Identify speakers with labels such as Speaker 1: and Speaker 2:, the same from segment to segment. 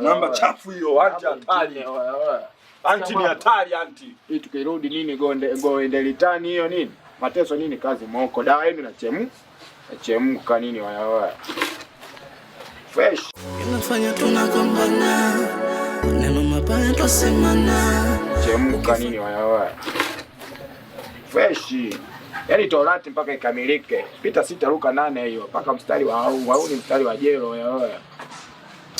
Speaker 1: namba chafu hiyo, anti hatari, anti ni hatari, anti
Speaker 2: hii. Tukirudi nini gonde goende litani hiyo nini mateso nini kazi moko dawa yenu nachemu nachemka nini wayawaya fresh tunafanya tunagombana, maneno mabaya twasemana. Chemka nini wayawa freshi Yaani torati mpaka ikamilike, pita sita ruka nane hiyo mpaka mstari wa au ni mstari wa jelo yaoya.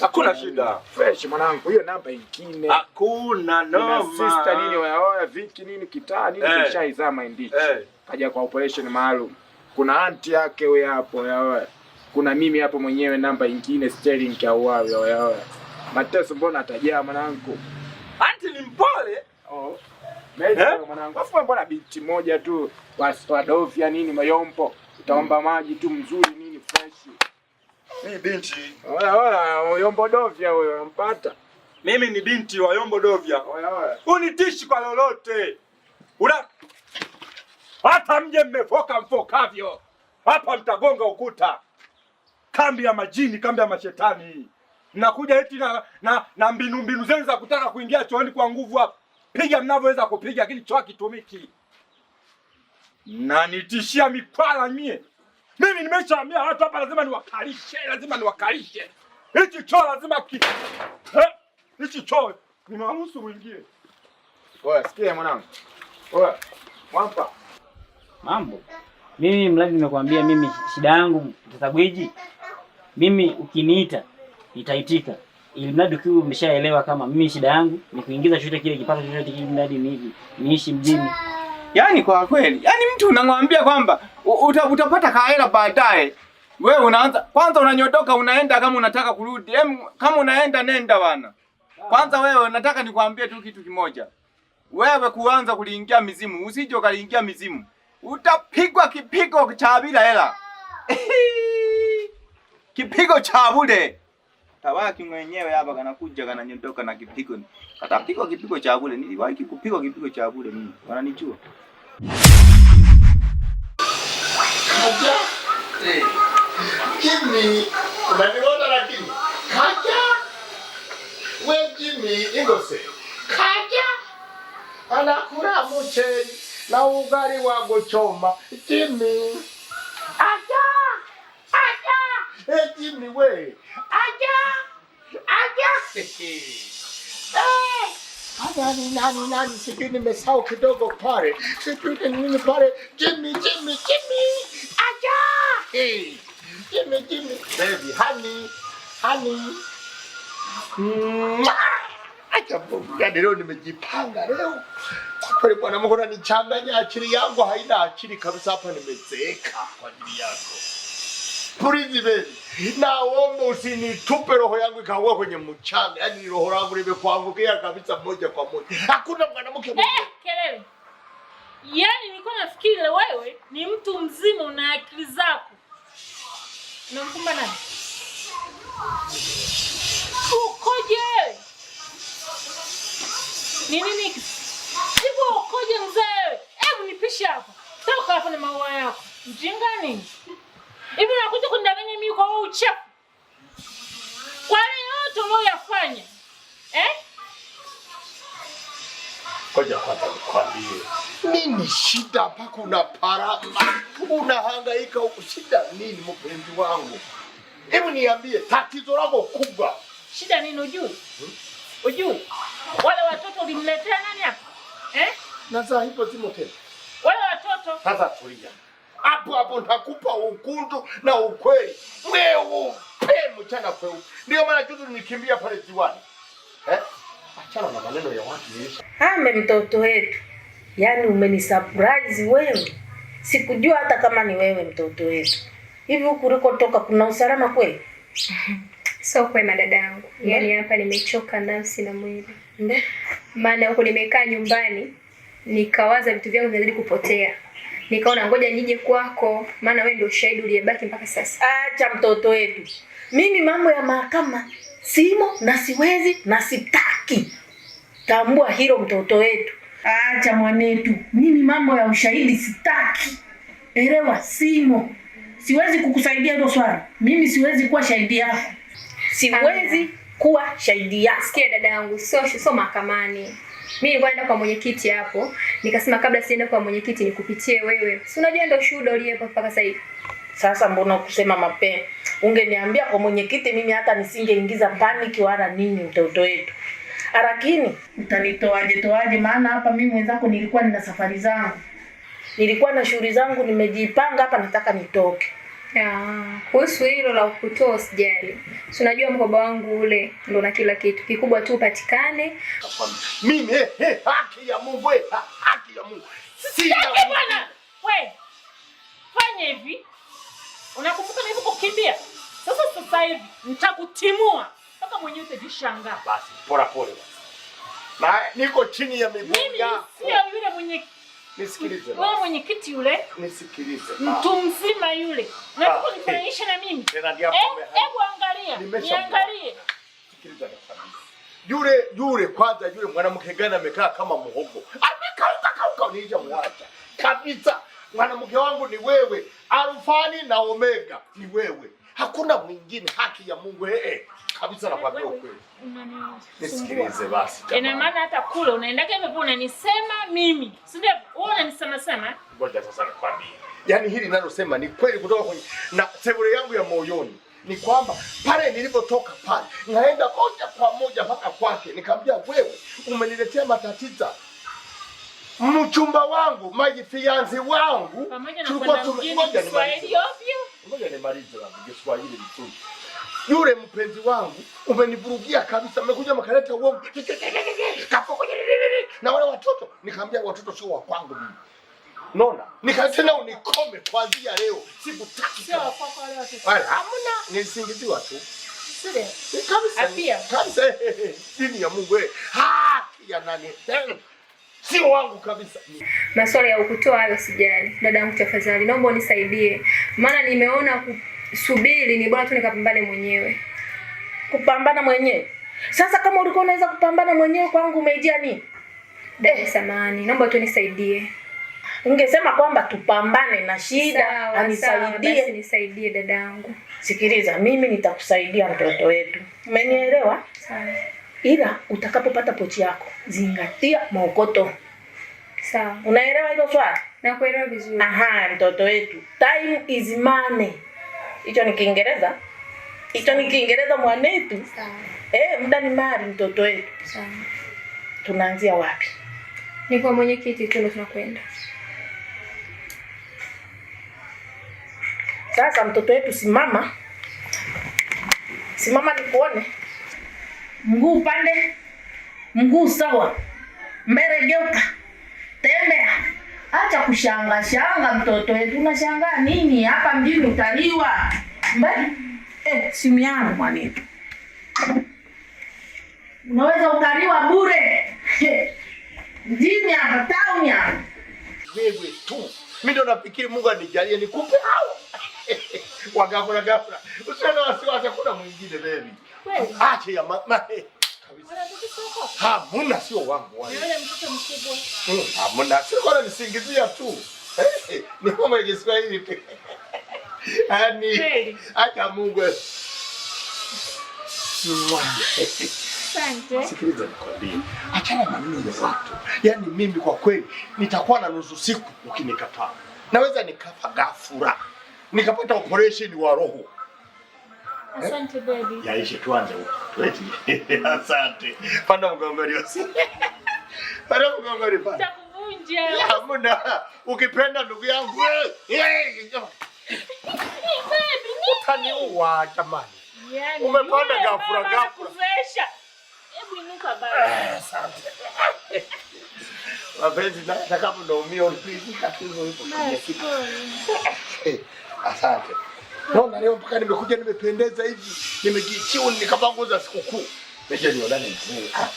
Speaker 1: Hakuna shida
Speaker 2: fresh mwanangu, hiyo namba ingine
Speaker 1: hakuna noma.
Speaker 2: Sister nini wayaoya viki nini kitaa nini eh. kishaizama hey. Indichi hey. Eh. Kaja kwa operation maalum, kuna anti yake we hapo yaoya kuna mimi hapo mwenyewe, namba ingine Sterling kauawe. Oya mateso mbona atajaa mwanangu?
Speaker 1: Anti ni mpole
Speaker 2: oh. Eh? Mwanangu afu mbona binti moja tu wadofya nini mayompo, utaomba mm. maji tu mzuri nini fresh.
Speaker 1: Ni binti
Speaker 2: Wala wala yombo dofya huyo nampata
Speaker 1: mimi, ni binti wa yombo dovya. Oya oya, unitishi kwa lolote una hata mje mmefoka mfokavyo hapa, mtagonga ukuta kambi ya majini, kambi ya mashetani hii. Mnakuja eti na na, na mbinu mbinu zenu za kutaka kuingia chooni kwa nguvu hapa. Piga mnavyoweza kupiga, lakini choo kitumiki. Nanitishia mikwala mie. Mimi nimeshaambia watu hapa lazima niwakalishe, lazima niwakalishe. Hichi choo lazima ki. Eh? Hichi choo nimeruhusu uingie.
Speaker 2: Oya, sikia mwanangu. Oya, mwampa.
Speaker 3: Mambo. Mimi mlazi nimekwambia mimi shida yangu mtata mimi ukiniita nitaitika, ili mradi ukiwa umeshaelewa kama mimi shida yangu ni kuingiza chochote kile kipato chochote kile, mradi ni hivi niishi mjini.
Speaker 1: Yaani kwa kweli, yaani mtu unamwambia kwamba uta, utapata kaela baadaye, wewe unaanza kwanza unanyodoka, unaenda kama unataka kurudi. Em, kama unaenda nenda bana. Kwanza wewe nataka nikwambie tu kitu kimoja, wewe kuanza kuliingia mizimu, usije ukaliingia mizimu, utapigwa kipigo cha bila hela kipigo cha bure.
Speaker 3: Tabaki mwenyewe hapa kanakuja kananyondoka na kipigo. Katapigwa kipigo cha bure. Niliwahi kupigwa kipigo cha bure mimi. Wananijua. Kaja. Eh.
Speaker 4: We Jimmy Kaja. Anakula mucheri na ugali wa kuchoma. Jimmy eti mliwe
Speaker 5: aja aja
Speaker 4: nani nani nani, sijui nimesahau kidogo pale, sijui ni nini pale. Jimmy Jimmy Jimmy aja hey. Jimmy Jimmy baby honey honey acha bwana, yaani leo nimejipanga leo kweli bwana, mbona nichanganya akili yangu haina akili kabisa. Hapa nimezeeka kwa ajili yako. Tulizi bezi. Na omba usinitupe roho yangu ikaua kwenye mchanga. Yaani roho yangu limekuangukia kabisa moja kwa moja. Hakuna mwanamke
Speaker 6: mwingine. Hey, eh, kelele. Yaani nilikuwa nafikiri wewe ni mtu mzima una akili zako. Unamkumba nani? Ukoje? Ni nini? Jibu ukoje mzee? Hebu nipishe hapa. Toka hapa na maua yako. Mjinga nini? Hivi unakuja kunidanganya mimi kwa huu uchafu? Kwa yale yote unayoyafanya. Eh?
Speaker 4: Koja hapa nikwambie. Nini shida hapa kuna parama? Unahangaika huko shida nini mpenzi wangu? Hebu niambie tatizo lako kubwa.
Speaker 6: Shida nini ujui? Hmm? Ujui? Wale watoto ulimletea nani hapa? Eh?
Speaker 4: Na sasa hipo zimo tena.
Speaker 6: Wale watoto.
Speaker 4: Sasa tulia hapo hapo nakupa ukundu na ukweli mweupe, mchana kweu. Ndio maana juzi nikimbia pale ziwani eh? Achana na maneno ya watu nilisha.
Speaker 7: Ame mtoto wetu, yaani umenisurprise wewe, sikujua hata kama ni wewe mtoto wetu. Hivi huku ulikotoka kuna usalama kweli?
Speaker 8: So kwema dadangu, yaani hapa nimechoka nafsi na mwili, maana huko nimekaa nyumbani nikawaza vitu vyangu vinazidi kupotea nikaona ngoja nije kwako, maana wewe ndio shahidi uliyebaki mpaka sasa.
Speaker 7: Acha mtoto wetu, mimi mambo ya mahakama simo na siwezi na sitaki. Tambua hilo mtoto wetu. Acha mwanetu, mimi mambo ya ushahidi sitaki, elewa. Simo, siwezi kukusaidia hilo swala. Mimi siwezi kuwa shahidi yako, siwezi kuwa shahidi yako.
Speaker 8: Sikia dada yangu, sio sio mahakamani mimi nilikuwa naenda kwa mwenyekiti hapo, nikasema kabla sienda kwa mwenyekiti nikupitie wewe. Si unajua ndio shuhuda uliyepo mpaka sasa hivi.
Speaker 7: Sasa mbona ukusema mapema? Ungeniambia kwa mwenyekiti mimi hata nisingeingiza panic wala nini mtoto wetu. Ah, lakini utanitoaje toaje maana hapa mimi mwenzako nilikuwa nina safari zangu. Nilikuwa na shughuli zangu nimejipanga hapa nataka nitoke.
Speaker 8: Kuhusu hilo la kutoa usijali, si unajua mkoba wangu ule ndo na kila kitu kikubwa tu upatikane.
Speaker 4: Mimi eh, eh, haki ya Mungu eh, haki ya Mungu
Speaker 6: si bwana. we, fanya hivi, unakumbuka kukimbia? Sasa sasa hivi nitakutimua mpaka mwenyewe utajishangaa.
Speaker 4: Basi pole pole, na niko chini ya
Speaker 6: miguu yako. Mimi sio yule mwenye Nisikilize. Wewe mwenyekiti yule.
Speaker 4: Nisikilize.
Speaker 6: Mtu mzima yule. Unataka ah, kunifananisha na mimi? Eh, hebu angalia. Niangalie. Sikiliza
Speaker 4: kabisa. Yule yule kwanza yule mwanamke gani amekaa kama mhogo. Amekauka kauka unija mwacha. Kabisa. Mwanamke wangu ni wewe. Alfani na Omega ni wewe hakuna mwingine haki ya Mungu eh, eh. kabisa nakwambia ukweli. Nisikilize basi.
Speaker 6: Ina maana hata kule unaenda kama hivyo unanisema mimi. Si ndio? Wewe unanisema sana.
Speaker 4: Ngoja sasa nikwambie. Yaani hili ninalosema ni kweli kutoka kwenye na sebule yangu ya moyoni ni kwamba pale nilipotoka pale naenda moja kwa moja mpaka kwake nikamwambia wewe umeniletea matatizo mchumba wangu maji fianzi wangu
Speaker 6: tulikuwa tumoja ni
Speaker 4: Yule mpenzi wangu umenivurugia kabisa, mmekuja makaleta uongo na wale watoto. Nikamwambia watoto sio wa kwangu mimi, unaona. Nikasema unikome kuanzia leo, sikutaki. Sio wa kwako wale hamna. Nilisingiziwa tu
Speaker 6: kabisa
Speaker 4: kabisa, dini ya Mungu, eh. haki ya nani? sio wangu kabisa.
Speaker 8: Maswala ya ukutoa hayo sijali. yangu tafadhali naomba unisaidie, maana nimeona kusubiri ni bora tu nikapambane mwenyewe.
Speaker 7: Kupambana mwenyewe? Sasa kama ulikuwa unaweza kupambana mwenyewe, kwangu umeijia nini?
Speaker 8: Dada, samani, naomba tu nisaidie.
Speaker 7: Ungesema kwamba tupambane na shida,
Speaker 8: anisaidie. nisaidie dadangu.
Speaker 7: Sikiliza, mimi nitakusaidia mtoto wetu, umenielewa? Sawa ila utakapopata pochi yako zingatia maokoto. Sawa, unaelewa hilo swali?
Speaker 8: Nakuelewa vizuri.
Speaker 7: Aha, mtoto wetu, time is money. Hicho ni Kiingereza, hicho ni Kiingereza mwanetu. Sawa. Eh, muda ni mali, mtoto wetu. Sawa, tunaanzia wapi?
Speaker 8: Ni kwa mwenyekiti tu tunakwenda
Speaker 7: sasa. Mtoto wetu, simama, simama nikuone mguu upande, mguu sawa, mbele geuka, tembea. Acha kushanga shanga, mtoto wetu unashangaa nini? Hapa mjini utaliwa. Mbali eh, simu yangu mwanetu, unaweza utaliwa bure mjini hapa, tauni hapa.
Speaker 4: Wewe tu mimi ndo nafikiri Mungu anijalie nikupe hao wagafula gafula, usiona wasiwasi, kuna mwingine baby Kweli. Acha ya mama. Eh. Hamuna sio wangu
Speaker 8: wale. Yule mtoto mkubwa.
Speaker 4: Mm, hamuna sio kwa nisingizia tu. Eh, ni kama ile Kiswahili tu. Yaani acha Mungu. Eh.
Speaker 8: Asante.
Speaker 4: Sikiliza nikwambie. Achana na mimi ya watu. Yaani mimi kwa kweli nitakuwa na nusu siku ukinikataa. Naweza nikafa ghafla. Nikapata operation wa roho.
Speaker 8: Asante baby.
Speaker 4: Yaishi tuanze huko. Tweti. Asante. Panda mgongoni wasi. Panda mgongoni panda.
Speaker 6: Nitakuvunja.
Speaker 4: Hamna. Ukipenda ndugu yangu. Utaniua jamani. Yani, umepanda gafura
Speaker 6: gafura. Hebu inuka baba.
Speaker 4: Eh, asante. Wapenzi, nataka mnaumia ulipizika kizo hipo. Asante. Naona leo mpaka nimekuja nimependeza hivi, nimejichiu za sikukuu. Meje ni ndani mzee. Ah,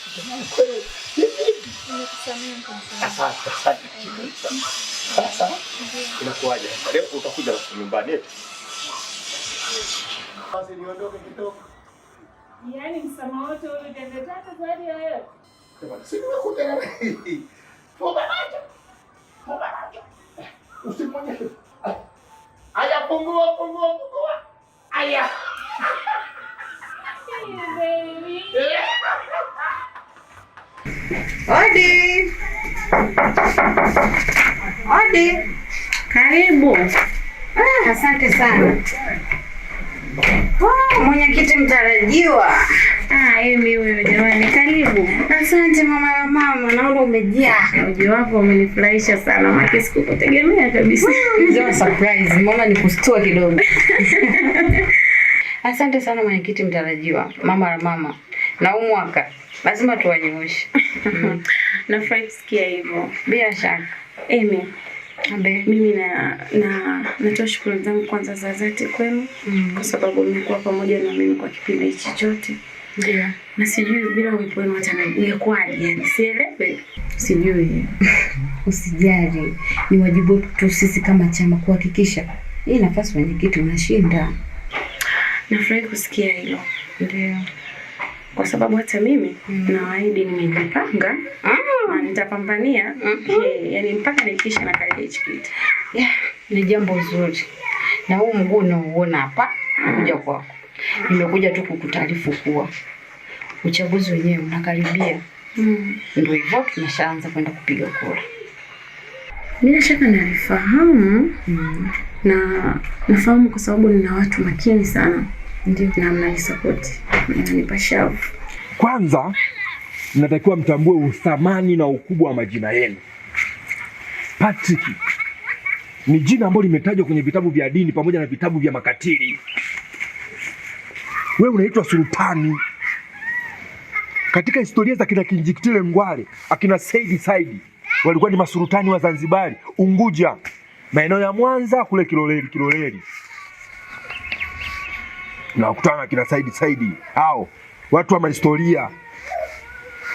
Speaker 4: Sasa inakuwaje? Leo utakuja nyumbani
Speaker 6: Basi niondoke Yaani msamaha wote ule wewe.
Speaker 4: si na eh, Usimwonyeshe. Hajapungua pungua pungua. Aya.
Speaker 7: Odi. Odi. Karibu. Ah, asante sana mwenyekiti mtarajiwa.
Speaker 8: Ah, Emi huyo jamani, karibu.
Speaker 7: Asante mama na mama, naona umejaa.
Speaker 8: Ah, Ujio wako umenifurahisha sana, maana sikukutegemea kabisa.
Speaker 7: Ndio surprise, mama kustua kidogo. Asante sana mwenyekiti mtarajiwa, mama la mama. Na huu mwaka lazima tuwanyooshe.
Speaker 8: Nafurahi kusikia hivyo.
Speaker 7: Bila shaka.
Speaker 8: Emi, mimi na, na natoa shukrani zangu kwanza za dhati kwenu mm. kwa sababu mmekuwa pamoja na mimi kwa kipindi hichi chote yeah. na sijui bila uwepo wenu hata ningekuwaje, yani sielewe.
Speaker 7: sijui usijali, ni wajibu wetu sisi kama chama kuhakikisha hii nafasi mwenyekiti unashinda.
Speaker 8: Nafurahi kusikia hilo, ndio kwa sababu hata mimi mm. nawaahidi nimejipanga mm. na nitapambania mm -hmm. yani mpaka nikisha na kale hichi kitu
Speaker 7: yeah, ni jambo zuri. Na huu mguu unaouona hapa kuja kwako, nimekuja tu kukutaarifu kuwa uchaguzi wenyewe unakaribia mm. Ndio hivyo tunashaanza kwenda kupiga kura.
Speaker 8: Bila shaka nalifahamu mm. na nafahamu kwa sababu nina watu makini sana ndio namna isapoti inanipa shavu.
Speaker 1: Kwanza mnatakiwa mtambue uthamani na ukubwa wa majina yenu. Patrick ni jina ambalo limetajwa kwenye vitabu vya dini pamoja na vitabu vya makatili. Wewe unaitwa sultani katika historia za kina Kinjikitile Ngwale, akina Saidi Saidi walikuwa ni masultani wa Zanzibari, Unguja, maeneo ya Mwanza kule Kiloleli, Kiloleli tunakutana kina Saidi Saidi hao watu wa mahistoria,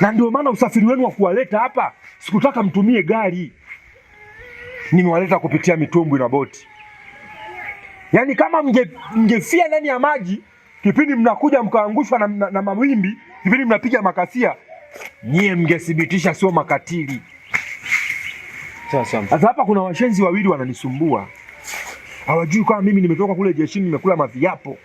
Speaker 1: na ndio maana usafiri wenu wa kuwaleta hapa sikutaka mtumie gari, nimewaleta kupitia mitumbwi na boti. Yaani kama mge, mgefia ndani ya maji kipindi mnakuja mkaangushwa na, na, na mawimbi kipindi mnapiga makasia, nyie mngethibitisha sio makatili. Sasa hapa kuna washenzi wawili wananisumbua, hawajui kama mimi nimetoka kule jeshini nimekula maviapo.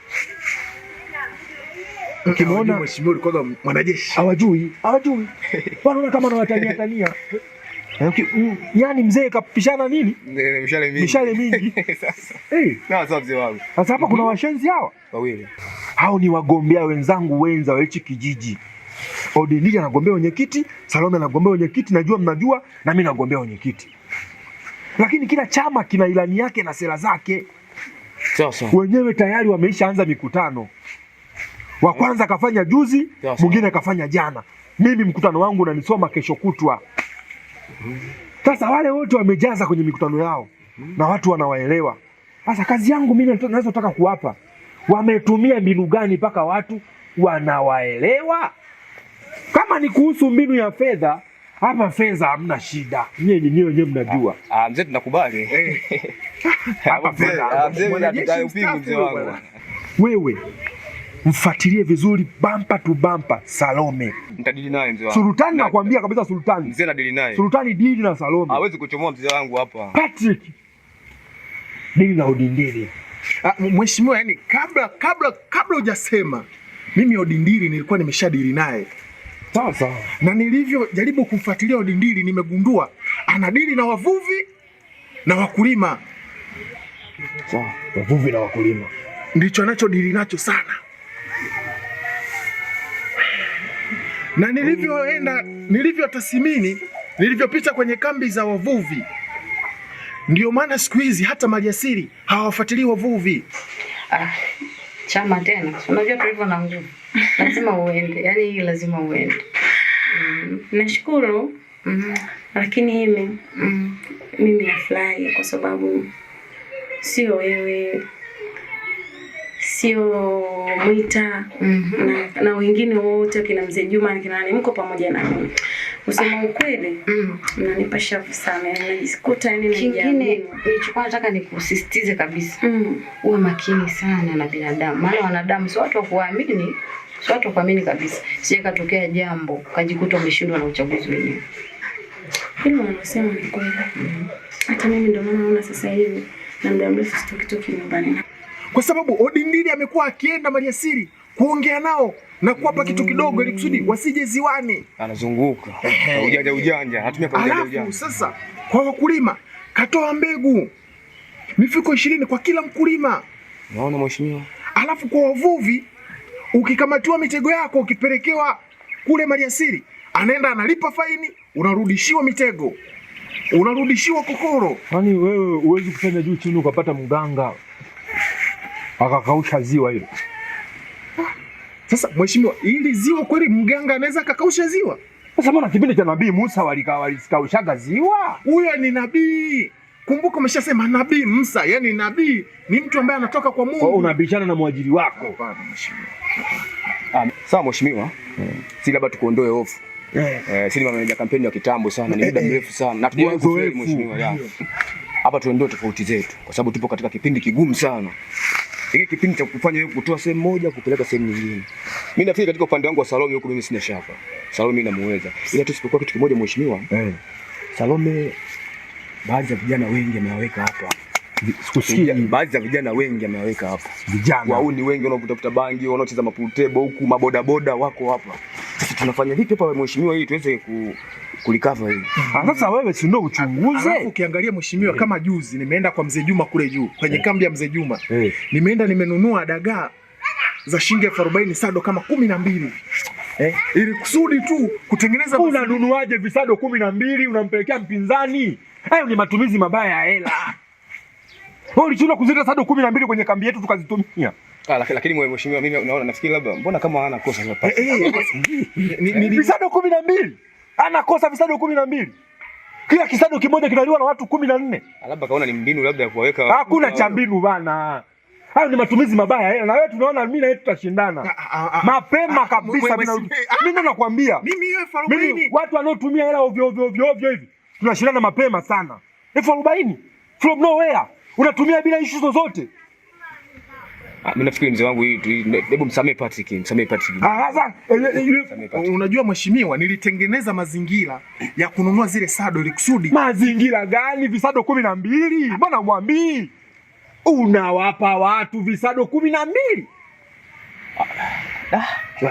Speaker 1: Ukimwona
Speaker 4: mheshimiwa alikuwa mwanajeshi.
Speaker 1: Hawajui, hawajui. Wanaona kama anawatania tania. Yaani mzee kapishana nini? Mishale mingi. Mishale mingi.
Speaker 4: Sasa. Eh. Na sasa mzee wangu.
Speaker 1: Sasa hapa kuna mm-hmm. washenzi hawa? Wawili. Hao ni wagombea wenzangu wenza wa hichi kijiji. Odili anagombea wenyekiti, Salome anagombea wenyekiti, najua mnajua na mimi nagombea wenyekiti. Lakini kila chama kina ilani yake na sera zake. Sasa. Wenyewe tayari wameisha anza mikutano wa kwanza kafanya juzi, mwingine kafanya jana. Mimi mkutano wangu unanisoma kesho kutwa. Sasa wale wote wamejaza kwenye mikutano yao na watu wanawaelewa. Sasa kazi yangu mimi ninazotaka kuwapa, wametumia mbinu gani mpaka watu wanawaelewa? Kama ni kuhusu mbinu ya fedha, hapa fedha hamna shida, nyie nyinyi wenyewe mnajua.
Speaker 4: Ah, mzee tunakubali eh.
Speaker 1: hapa fedha,
Speaker 4: ah, mzee wangu
Speaker 1: wewe mfuatilie vizuri bampa tu bampa Salome.
Speaker 4: Nitadili naye mzee wangu.
Speaker 1: Sultani nakwambia kabisa Sultani.
Speaker 4: Mzee na dili naye.
Speaker 1: Sultani dili na Salome.
Speaker 4: Hawezi kuchomoa mzee wangu hapa.
Speaker 1: Patrick. Dili na udindiri. Ah, mheshimiwa, yani kabla kabla kabla hujasema mimi Odindiri nilikuwa nimeshadili naye. Sawa sawa. Na nilivyojaribu kumfuatilia Odindiri nimegundua ana dili na wavuvi na wakulima.
Speaker 4: Sawa, wavuvi na wakulima.
Speaker 1: Ndicho anachodili nacho sana. na nilivyoenda, nilivyotasimini, nilivyopita kwenye kambi za wavuvi, ndio maana siku hizi hata majasiri hawafuatilii wavuvi.
Speaker 7: Ah, chama tena, unajua tulivyo na nguvu, lazima uende, yani hii lazima uende.
Speaker 8: Mm, nashukuru mm, lakini himi mm, mimi nafurahi kwa sababu sio wewe sio Mwita mm -hmm. na, na wengine wote kina mzee Juma na kina nani mko pamoja na mimi. Usema ukweli mm. mnanipa shavu sana, yani najikuta yani
Speaker 7: kingine nilichokuwa nataka nikusisitize kabisa mm. uwe makini sana na binadamu, maana wanadamu sio watu wa kuamini, sio watu wa kuamini kabisa. Sije katokea jambo kajikuta umeshindwa na uchaguzi wenyewe.
Speaker 8: Hilo unasema ni kweli, mm. hata mimi ndio maana naona sasa hivi na muda mrefu sitoki toki nyumbani
Speaker 1: kwa sababu Odindiri amekuwa akienda maliasili kuongea nao na kuwapa kitu kidogo ili kusudi wasije ziwani.
Speaker 4: Anazunguka ujanja ujanja, anatumia kwa
Speaker 1: ujanja ujanja. Alafu Sasa kwa wakulima katoa mbegu mifuko ishirini kwa kila mkulima,
Speaker 4: naona mheshimiwa.
Speaker 1: Alafu kwa wavuvi, ukikamatiwa mitego yako ukipelekewa kule maliasili, anaenda analipa faini, unarudishiwa mitego, unarudishiwa kokoro.
Speaker 4: Kwani wewe huwezi kufanya juu chini ukapata mganga akakausha ziwa hilo.
Speaker 1: Sasa mheshimiwa, hili ziwa kweli mganga anaweza akakausha ziwa? Sasa mbona kipindi cha nabii Musa walikaushaga ziwa? Huyo ni nabii. Kumbuka umeshasema nabii Musa, yani nabii ni mtu ambaye anatoka kwa Mungu.
Speaker 4: Wewe unabishana na mwajiri wako. Hapana mheshimiwa. Ah, sawa mheshimiwa. Hmm. Si labda tukuondoe hofu. Eh, eh si nimemeja kampeni ya kitambo sana, ni muda eh. mrefu sana. Na tuanze mheshimiwa. Hapa tuondoe tofauti zetu kwa sababu tupo katika kipindi kigumu sana hiki kipindi cha kufanya wewe kutoa sehemu moja kupeleka sehemu nyingine. Mimi nafikiri katika upande wangu wa Salome huko mimi sina shaka. Salome namuweza. Ila tu sipokuwa kitu kimoja mheshimiwa. Eh. Salome baadhi ya vijana wengi ameweka hapa. Sikusikia baadhi ya vijana wengi ameweka hapa. Vijana. Wauni wengi wanaovuta bangi, wanaocheza mapultebo huku, maboda boda wako hapa. Sisi tunafanya vipi hapa mheshimiwa, ili tuweze ku kulikava hivi.
Speaker 1: Mm. Ah, sasa wewe si ndio uchunguze. Alafu ukiangalia mheshimiwa, kama juzi nimeenda kwa mzee Juma kule juu kwenye eh. kambi ya mzee Juma. Eh. Nimeenda nimenunua dagaa za shilingi elfu arobaini sado kama kumi na mbili eh, ili kusudi tu kutengeneza. Unanunuaje visado kumi na mbili unampelekea mpinzani? Hayo ni matumizi mabaya ya hela. Wewe ulichuna kuzileta sado kumi na mbili kwenye kambi yetu tukazitumia.
Speaker 4: Ah, lakini mheshimiwa, mimi naona nafikiri labda mbona kama hana kosa hapa. Eh,
Speaker 1: visado ni, na mbili anakosa visado kumi na mbili. Kila kisado kimoja kinaliwa na watu kumi na nne.
Speaker 4: Ah, labda kaona ni mbinu labda ya kuwaweka.
Speaker 1: Hakuna cha mbinu bana. Hayo ni matumizi mabaya. Na wewe tunaona mimi na yeye tutashindana. Ah, ah, mapema kabisa mimi ndo nakwambia.
Speaker 4: Mimi elfu arobaini.
Speaker 1: Watu wanaotumia hela ovyo ovyo ovyo ovyo hivi. Tunashindana mapema sana. Elfu arobaini. From nowhere. Unatumia bila issue zozote.
Speaker 4: Ah, mimi nafikiri mzee wangu hii, hebu msamee Patrick, msamee Patrick.
Speaker 1: Ah, ah, ah eh, eh, sasa unajua mheshimiwa, nilitengeneza mazingira ya kununua zile sado ili kusudi. Mazingira gani? Visado kumi na mbili? Mbona mwambii? Unawapa watu visado kumi na mbili?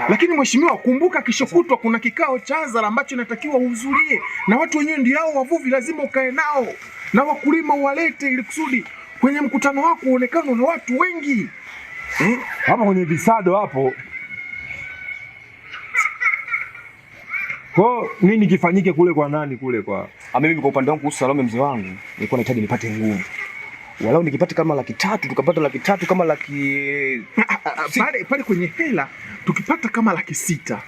Speaker 1: Lakini mheshimiwa, kumbuka kesho kutwa kuna kikao cha hadhara ambacho inatakiwa uhudhurie, na watu wenyewe ndio hao wavuvi, lazima ukae nao na wakulima uwalete, ili kusudi kwenye mkutano wako uonekane na watu wengi hmm? hapo kwenye visado hapo ko nini kifanyike kule kwa nani kule kwa ah, mimi kwa upande wangu kuhusu Salome mzee wangu nilikuwa nahitaji nipate nguvu walau nikipata kama laki tatu tukapata laki tatu kama laki ah, ah, pale pale kwenye hela tukipata kama laki sita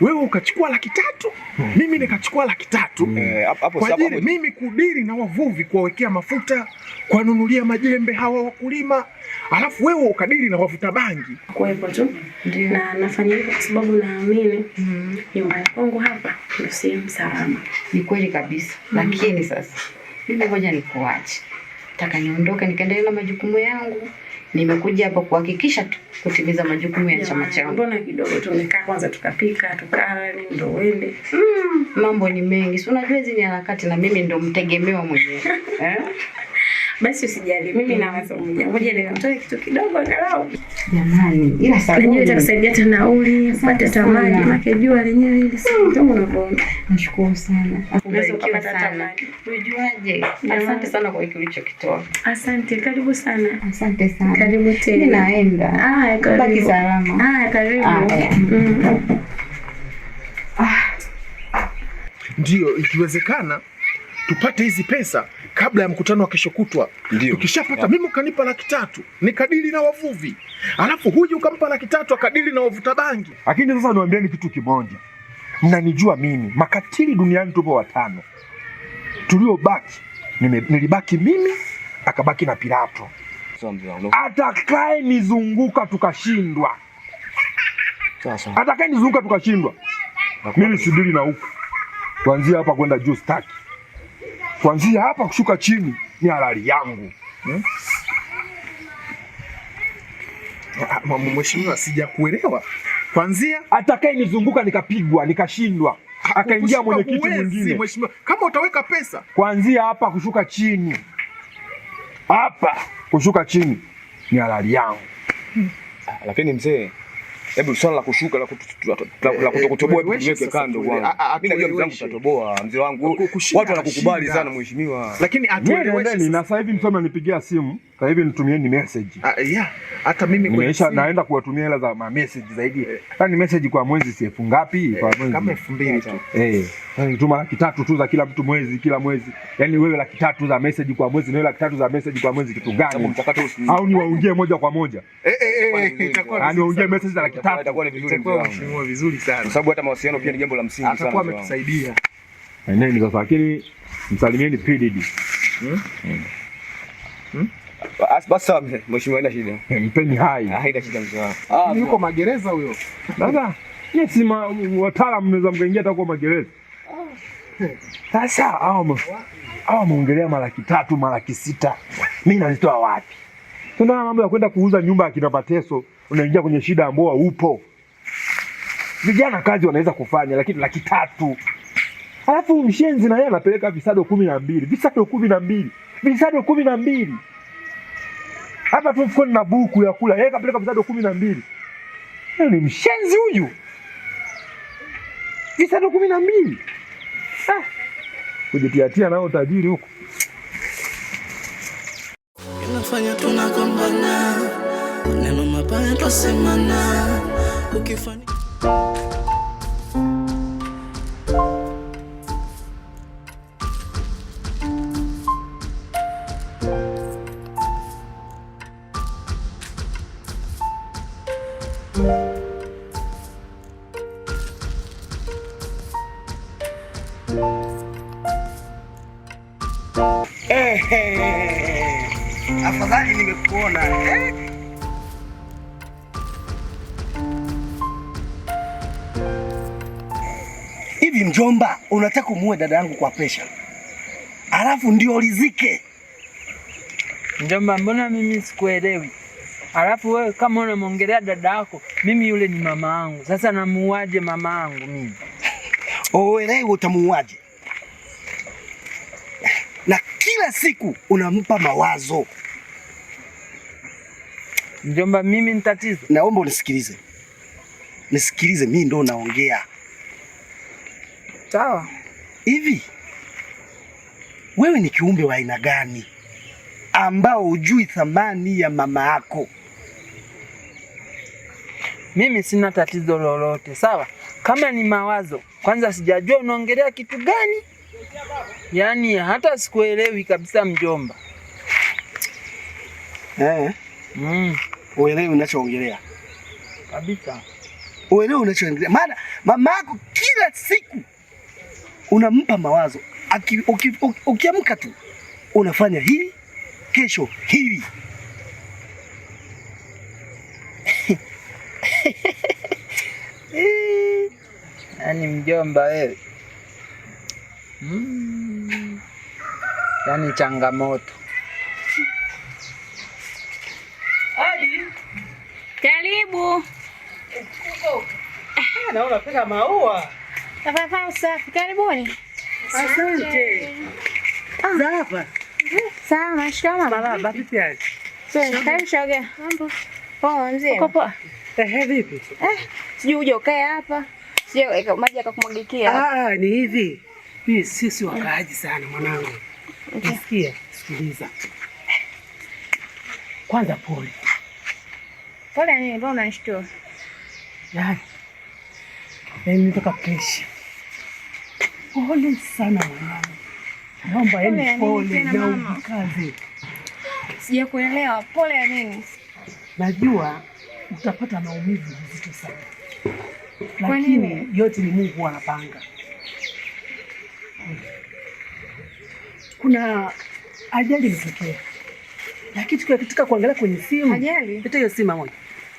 Speaker 1: wewe ukachukua laki tatu mimi nikachukua laki tatu mm. eh, kwa ajili mimi kudiri na wavuvi, kuwawekea mafuta, kuwanunulia majembe hawa wakulima, alafu wewe ukadiri na wavuta bangi.
Speaker 8: Kwa hivyo tu na nafanya hivyo, kwa sababu naamini mm. nyumba ya kwangu hapa ndio sehemu salama.
Speaker 7: Ni kweli kabisa mm. lakini sasa mimi ngoja nikuache, taka niondoke nikaendelee na majukumu yangu. Nimekuja hapo kuhakikisha kutimiza majukumu ya chama changu.
Speaker 8: Mbona kidogo tumekaa kwanza tukapika tukala ndo wende
Speaker 7: Mm, mambo ni mengi. Si unajua hizi ni harakati na mimi ndo mtegemewa mwenyewe. Eh?
Speaker 8: Basi usijali, mimi na wazo mmoja, ngoja nitoe kitu kidogo angalau.
Speaker 7: Jamani, ila sasa
Speaker 8: lenyewe itakusaidia hata nauli, pata hata maji, maana jua lenyewe hili si kidogo unavyoona. Hmm. Nashukuru sana, unaweza kupata hata maji. Unajuaje? Asante sana kwa hiki ulichokitoa. Asante, karibu sana. Asante sana, karibu tena. Mimi naenda. Ah, karibu. Baki salama. Ah, karibu. Ah, eh. mm.
Speaker 1: ah. Ndio, ikiwezekana tupate hizi pesa kabla ya mkutano wa kesho kutwa, tukishapata mimi ukanipa laki tatu ni kadili na wavuvi, alafu huyu ukampa laki tatu akadili na wavuta bangi. Lakini sasa niwaambieni kitu kimoja, mnanijua mimi, makatili duniani tupo watano, tuliobaki nilibaki mimi, akabaki na Pilato. Atakaye nizunguka tukashindwa, atakaye nizunguka tukashindwa, mimi sidili na huku, kuanzia hapa kwenda juu staki kuanzia hapa kushuka chini ni halali yangu hmm? Ah, ah, mheshimiwa, sijakuelewa. Kwanzia atakaye nizunguka nikapigwa nikashindwa, ah, akaingia mwenyekiti mwingine. Mheshimiwa, kama utaweka pesa kwanzia hapa kushuka chini, hapa kushuka chini ni halali yangu hmm.
Speaker 4: Lakini mzee Hebu swala la kushuka la la kutokutoboa eh, eh, hebu tuweke kando kwanza. Mimi najua mzangu utatoboa, mzee wangu. Watu wanakukubali sana mheshimiwa.
Speaker 1: Lakini atueleweshe. Nafaa hivi mtu amenipigia simu. Sasa hivi nitumieni message.
Speaker 4: Ah, yeah. Hata mimi
Speaker 1: nimeisha naenda kuwatumia hela za ma message zaidi. Sasa ni message kwa mwezi si elfu ngapi? Eh,
Speaker 4: kwa mwezi. Kama elfu mbili tu.
Speaker 1: Eh. Yaani nituma laki tatu tu za kila mtu mwezi kila mwezi. Yaani wewe laki tatu za message kwa mwezi na wewe laki tatu za message kwa mwezi kitu gani? Au ni waongee moja kwa moja?
Speaker 4: Eh eh eh. eh
Speaker 1: itakuwa ah, ni waongee message za laki tatu. Itakuwa ni vizuri. Itakuwa mshimu vizuri sana.
Speaker 4: Kwa sababu hata mawasiliano pia ni jambo la msingi
Speaker 1: sana. Atakuwa ametusaidia. Nani sasa lakini msalimieni PDD. Hmm? Hmm.
Speaker 4: hmm? Basi mheshimiwa, haina shida,
Speaker 1: eh, mpeni hai,
Speaker 4: ah, haina shida mzee wangu.
Speaker 1: Ah, yuko magereza huyo dada. Yes, ma wataalamu mkaingia hata kwa magereza. Sasa hao hao mara mara mimi wapi? Tuna mambo ya kwenda kuuza nyumba ya unaingia kwenye shida upo. Vijana kazi wanaweza kufanya, lakini laki tatu alafu mshenzi na yeye anapeleka visado kumi na mbili visado kumi na mbili visado kumi na mbili hapa tu na buku ya kula yeye kapeleka visado kumi na mbili. Ni mshenzi huyu, visado kumi na mbili ah. Kujitiatia nao tajiri huko inafanya tunagombana, neno mabaya twasemana ukifanya Hey, hey, Afadhali nimekuona hey. Eh. Hivi mjomba, unataka kumuue dada yangu kwa presha alafu ndio rizike?
Speaker 7: Mjomba, mbona mimi sikuelewi? Alafu wewe kama unamwongelea dada yako, mimi yule ni mama yangu, sasa namuuaje mama yangu mimi?
Speaker 1: Uelewi utamuuaje? kila siku unampa mawazo.
Speaker 7: Mjomba, mimi ni tatizo.
Speaker 1: Naomba unisikilize, nisikilize, mimi ndo naongea. Sawa. Hivi wewe ni kiumbe wa aina gani ambao hujui thamani ya mama yako?
Speaker 7: Mimi sina tatizo lolote, sawa. Kama ni mawazo, kwanza sijajua unaongelea kitu gani Yaani hata sikuelewi kabisa mjomba.
Speaker 1: Eh. Mm. Uelewi unachoongelea kabisa, uelewi unachoongelea. Maana mama yako kila siku unampa mawazo, ukiamka tu unafanya hili kesho hili
Speaker 7: yaani mjomba wewe mm. Yani changamoto Hadi.
Speaker 6: Karibu.
Speaker 4: Ah, naona pika maua.
Speaker 6: Afaa usafi. Karibuni.
Speaker 7: Asante. Ah. Zapa.
Speaker 6: Sawa, shikamoo.
Speaker 7: Baba, vipi hali?
Speaker 6: Sasa, shoga. Mambo. Poa mzee. Uko poa?
Speaker 7: Eh, vipi?
Speaker 6: Eh, sijui uje ukae hapa. Sio maji akakumwagikia.
Speaker 7: Ah, ni hivi. Hii sisi wakaaji sana mwanangu. Nasikia, sikiliza. Kwanza pole.
Speaker 6: Pole nini? Mbona unanishtua?
Speaker 7: Yaani, mimi yaani nitoka kesha. Pole sana mwanangu. Naomba yani pole na ujikaze.
Speaker 6: Sijakuelewa. Pole ya nini?
Speaker 7: Najua utapata maumivu mazito sana. Lakini yote ni Mungu anapanga kuna ajali imetokea, lakini tukatika kuangalia kwenye simu, ajali hata hiyo simu moja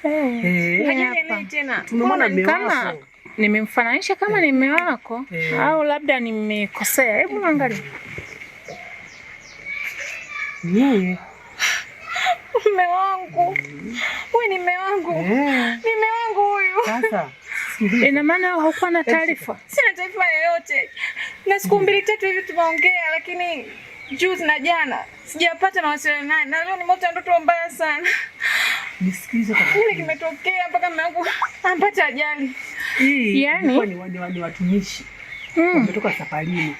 Speaker 6: Eh. Hey. Eh. Tumemwona kama nimemfananisha kama ni mume wako hey, eh. au labda nimekosea? Hebu angalia. naangalia mume wangu huyu, ni mume wangu, eh. ni mume wangu huyu. Sasa ina maana haukuwa na taarifa? Sina taarifa yoyote na siku mbili tatu hivi tumeongea, lakini juzi na jana sijapata mawasiliano naye, na leo nimeota ndoto mbaya sana.
Speaker 7: Nisikilize kwa
Speaker 6: nini kimetokea mpaka mume wangu ampata ajali?
Speaker 7: Yani ni wani wani watumishi hmm. wametoka mm. safarini,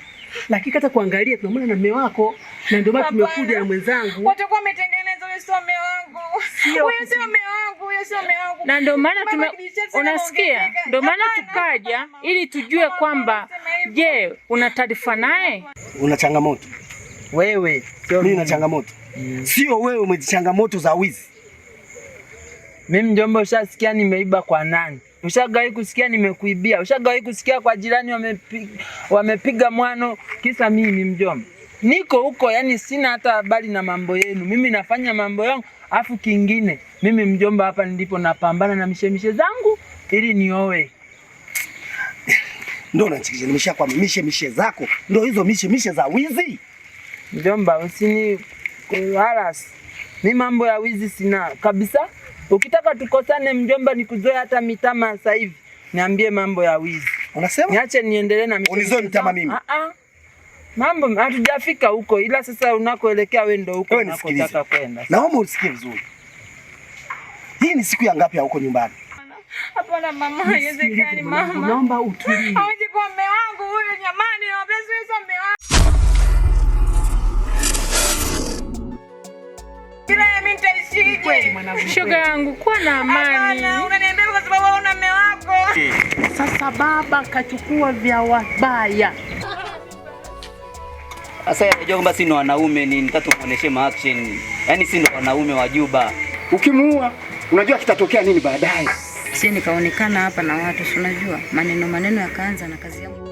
Speaker 7: lakini hata kuangalia tunamwona na mume wako, na ndio maana tumekuja na mwenzangu
Speaker 6: watakuwa wametengeneza na ndio maana unasikia, ndio maana tukaja ili tujue kwamba je, una taarifa naye,
Speaker 1: una changamoto wewe? Mimi na changamoto mm. Sio wewe changamoto za wizi.
Speaker 7: Mimi mjomba, ushasikia nimeiba kwa nani? ushagawai kusikia nimekuibia? ushagawi kusikia kwa jirani wamepiga wame mwano kisa mimi mjomba? niko huko, yani sina hata habari na mambo yenu, mimi nafanya mambo yangu. Afu kingine mimi mjomba, hapa ndipo napambana na mishemishe zangu ili niowe.
Speaker 1: Ndio nachikisha nimesha kwa mishemishe zako, ndio hizo mishemishe za wizi.
Speaker 7: Mjomba usini halas, mi mambo ya wizi sina kabisa. Ukitaka tukosane mjomba, nikuzoe hata mitama sasa hivi, niambie mambo ya wizi. Unasema niache niendelee na
Speaker 1: unizoe mitama mimi?
Speaker 7: Ah ah mambo hatujafika huko, ila sasa unakoelekea wewe ndio huko
Speaker 1: unakotaka kwenda. Naomba usikie vizuri, hii ni siku ya ngapi ya huko nyumbani?
Speaker 6: Hapana mama, haiwezekani mama.
Speaker 7: Naomba utulie.
Speaker 6: Aje kwa mume wangu huyo, jamani, naomba siweza mume wangu. Bila mimi nitaishije? Shoga yangu, kuwa na amani. Unaniambia kwa sababu una mume wako. Eh.
Speaker 7: Sasa baba kachukua vya wabaya
Speaker 4: sasa anajua kwamba si ndo wanaume ni nitaka tumuoneshe maaction. Yaani si ndo wanaume wa Juba.
Speaker 1: Ukimuua unajua kitatokea nini baadaye.
Speaker 7: Si nikaonekana hapa na watu si unajua maneno maneno yakaanza na kazi yangu.